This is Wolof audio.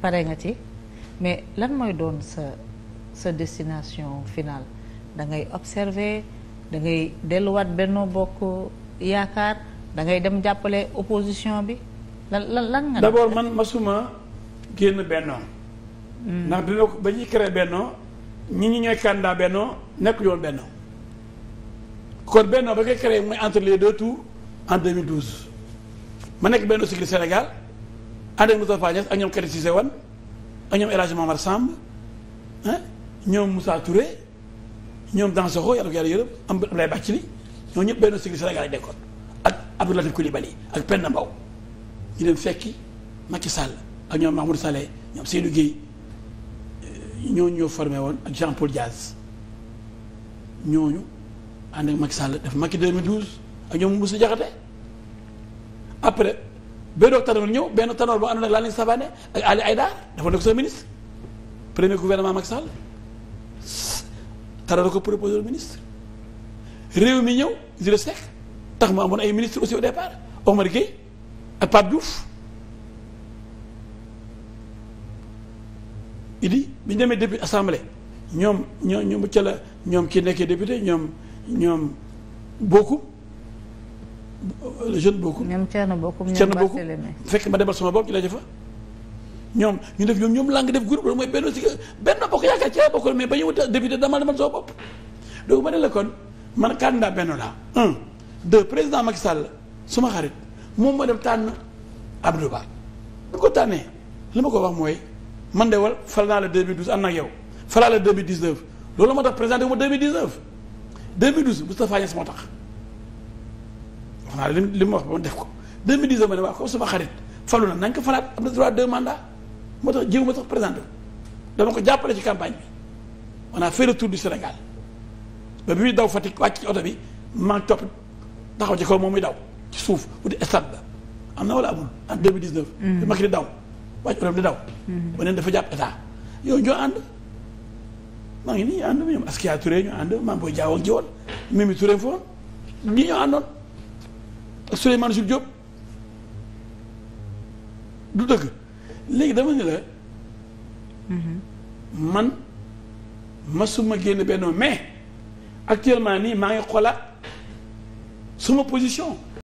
pare nga ci mais lan mooy doon sa sa destination finale da ngay observer da ngay delluwaat Benno Bokk Yaakaar dangay dem jàppale opposition bi lan lan lan nga. d'abord man masuma génn Benno. Hmm. ndax dina ko ba ñuy créé Benno ñi ñu ñooy candidat Benno nekk yoon Benno. kon Benno ba koy créé muy entre les deux tours en ma nekk Benno Siggil Sénégal. ànd ak Moustapha Niass ak ñoom Kédé Cissé Wane ak ñoom El Hadj Momar Samb ñoom Moussa Touré ñoom Dansokho yàlla ko yàlla yërëm am Abdoulaye Bathily ñoo ñëpp benn sigli Sénégal yi dekkoon ak Abdou Latif Coulibaly ak Penda Mbow ñu dem fekki Macky Sall ak ñoom Mahmoud Saleh ñoom Seydou Guèye euh, ñooñu ñoo formé woon ak Jean Paul Diaz ñooñu ànd ak Macky Sall def Macky 2012 ak ñoom Moussa Diakhaté après benn tanoor ñëw benn tanoor boo àndoon ak Lamine Sabané ak Ali Aïdar dafa nekk sa ministre premier gouvernement Macky Sall tanoor ko proposé ministre réew mi ñëw tax mu amoon ay ministre aussi au départ Omar Gueye ak Pape Diouf idi bi ñu demee député assemblée ñoom ñoo ñoom ca la ñoom ki nekkee député ñoom ñoom bokku le jeune bokkum. ñoom Thierno bokkum ñoom Barthélémy fekk ma demal sama bopp ñu ñu def ñoom ñoom làng def groupe loolu mooy benn si benn bokk yaakaar ci la mais ba ñu wut dama demal sama bopp. donc ma ne la kon man candidat benn laa un président Macky Sall suma xarit moom moo dem tànn Abdou Ba. bu ko tànnee li ma ko wax mooy man de wal fal naa la 2012 ànd ak yow falaa la 2019 loolu moo tax présenté wu ma 2019 2012 Moustapha Niass moo tax. waa li li mu wax def ko 2019 ma ne sama xarit falu na nañ ko falaat am na droit deux mandats moo tax jiw ma tax présenté dama ko jàppale ci campagne bi on a fait le tour du Sénégal ba bi muy daw Fatick wàcc ci oto bi maa topp taxaw ci kaw moom muy daw ci suuf wuti stade la am na wala amul en 2019. Mm. bi Macky di daw wàcc oto bi di daw. Mm. ba neen dafa jàpp état yow ñoo ànd maa ngi nii ñu ànd ñoom Askia Touré ñu ànd foofu ñi ñoo àndoon. ak Souleymane Jules du dëgg léegi dama ne la man masuma génn Benno mais actuellement nii maa ngi xoolaat suma position